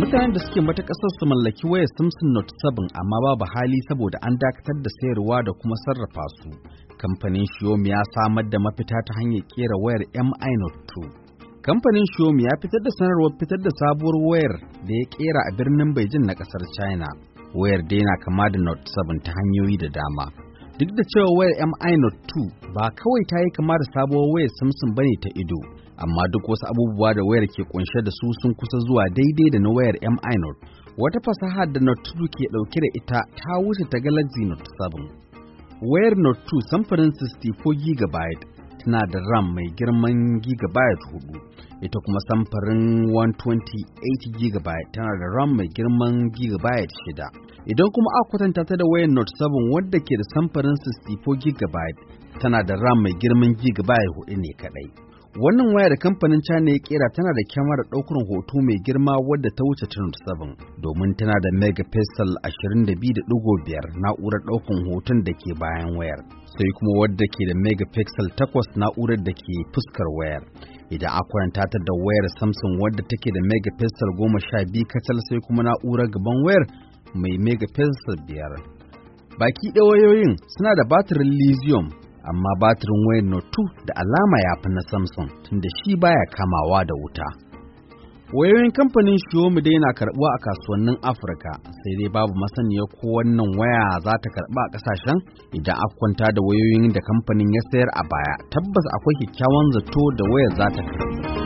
mutanen da suke mata kasar su mallaki wayar Samsung Note 7 amma babu hali saboda an dakatar da sayarwa da kuma sarrafa su. Kamfanin Xiaomi ya samar da mafita ta hanyar kera wayar Mi Note 2. Kamfanin Xiaomi ya fitar da sanarwar fitar da sabuwar wayar da ya kera a birnin Beijing na kasar China. Wayar dai na kama da Note 7 ta hanyoyi da dama. duk da cewa wayar mi note 2 ba kawai ta yi kama da sabuwar wayar samsung bane ta ido amma duk wasu abubuwa da wayar ke kunshe da su sun kusa zuwa daidai da na wayar mi note wata fasaha da note 2 ke dauke da ita ta wuce ta galaxy note 7 wayar note 2 samfurin 64 gb tana da ram mai girman gigabyte hudu ita kuma samfarin 128 gigabyte tana da ram mai girman gigabyte shida idan kuma aka kwatanta ta da wayan note 7 wadda ke da samfarin 64 gigabyte tana da ram mai girman gigabyte hudu ne kadai Wannan waya da kamfanin China ya kera tana da kyamarar ɗaukar hoto mai girma wadda ta wuce 27 domin tana da megapixel 22.5 na'urar ɗaukar hoton da ke bayan wayar, sai kuma wadda ke da megapixel 8 na'urar da ke fuskar wayar. Idan a kwaranta ta da wayar Samsung wadda take da megapixel 12 kacal sai kuma na'urar gaban wayar mai megapixel 5. Baki wayoyin suna da batirin lithium amma batirin wayar Notu da alama ya fi na Samsung tunda shi baya kamawa da wuta. Wayoyin kamfanin Xiaomi dai na karɓuwa a kasuwannin Afirka sai dai babu masaniya ko wannan waya za ta karɓa a ƙasashen idan aka kwanta da wayoyin da kamfanin ya sayar a baya tabbas akwai kyakkyawan zato da wayar za ta karɓi.